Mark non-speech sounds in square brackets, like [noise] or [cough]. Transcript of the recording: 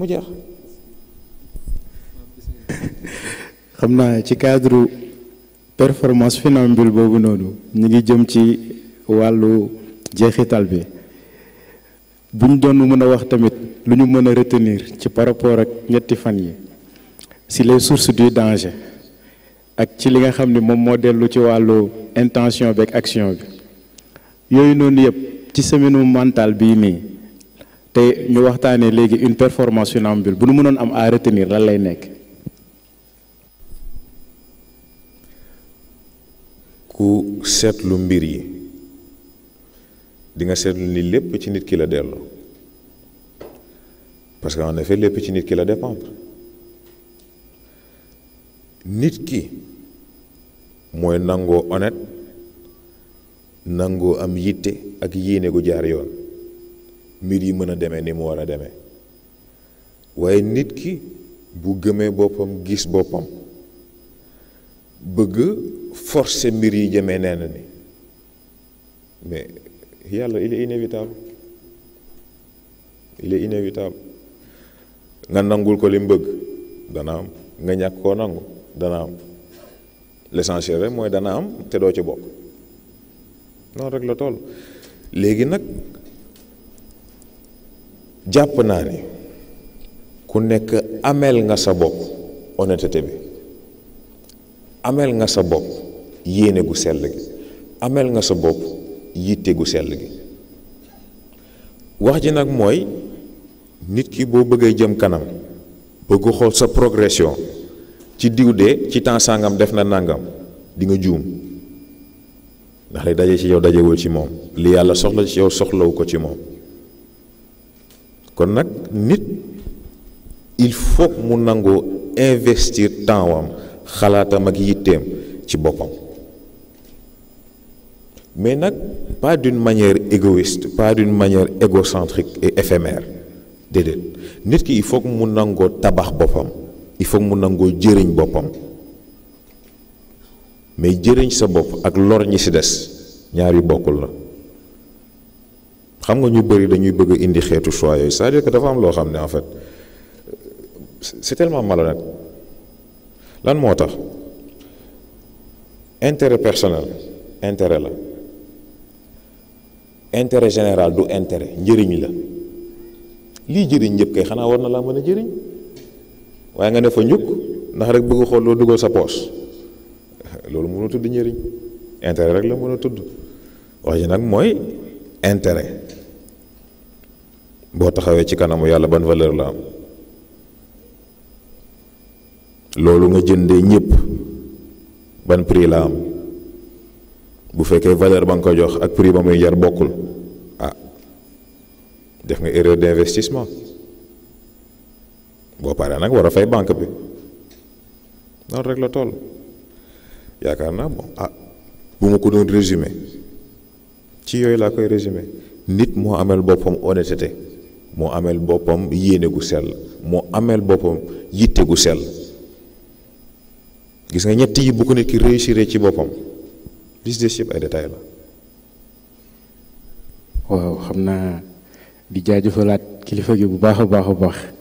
mu xam naa ci cadre performance funambule boobu noonu ñu ngi jëm ci wàllu jeexital bi buñ doon mën a wax tamit lu ñu mën a retenir ci par rapport ak ñetti fan yi si les sources du danger ak ci li nga xam ne moom moo dellu ci wàllu intention bi ak action bi yooyu noonu yëpp ci semaine mentale bii nii. te ñu waxtaanee léegi une performance funambule bu nu mënoon am à retenir lan lay nekk. ku seetlu mbir yi di nga seetlu ni lépp ci nit ki la dellu parce que en effet lépp ci nit ki la dépendre nit ki mooy nangoo honnête nangoo am yitte ak yéene gu jaar yoon. mbir yi mën a demee ni mu war a demee waaye nit ki bu gëmee boppam gis boppam bëgg forcer mbir yi jëmee nee na ni mais yàlla il est inévitable il est inévitable nga nangul ko li mu bëgg dana am nga ñàkk koo nangu dana am l'essentiel rek mooy dana am te doo ci bokk noonu rek la toll léegi nag jàpp naa ne ku nekk ameel nga sa bopp honnêteté bi ameel nga sa bopp yéene gu sell gi ameel nga sa bopp yitte gu sell gi wax ji nag mooy nit ki boo bëggee jëm kanam bëgg xool sa progression ci diw de ci temps sàngam def na nàngam di nga juum ndax li daje ci yow dajewul ci moom li yàlla soxla ci yow soxlawu ko ci moom kon nag nit il faut mu nangoo investir temps am xalaatam ak yitteem ci boppam mais nag pas d'une manière égoïste pas d'une manière égocentrique et éphémère déedéet nit ki il faut mu nangoo tabax boppam il faut mu nangoo jëriñ boppam mais jëriñ sa bopp ak lor ñi ci des ñaar yu bokkul la xam nga ñu bëri dañuy bëgg a indi xeetu choix yooyu cest à dafa am loo xam ne en fait c'est tellement malhonnête lan moo tax intérêt personnel intérêt la intérêt général du intérêt njëriñ la lii jëriñ ñëpp kay xanaa war na laa mën a jëriñ waaye nga ne fa ñukk ndax rek bëgg xool loo dugal sa poos [laughs] loolu mënul tudd njëriñ intérêt rek la mën a tudd wax nag mooy. intérêt boo taxawee ci kanamu yàlla ban valeur la am loolu nga jëndee ñëpp ban prix la am bu fekkee valeur ba nga ko jox ak prix ba muy jar bokkul ah def nga erreur d'investissement boo paree nag war a fay banque bi noonu rek la toll yaakaar naa bon ah bu ma ko doon résumer ci yooyu laa koy résumé nit moo ameel boppam honnêteté moo ameel boppam yéene gu sell moo ameel boppam yitte gu sell gis nga ñett yi bu ko nit ki réussir ci boppam li des yëpp ay la. waaw xam naa di jaajëfalaat kilifa gi bu baax a baax a baax.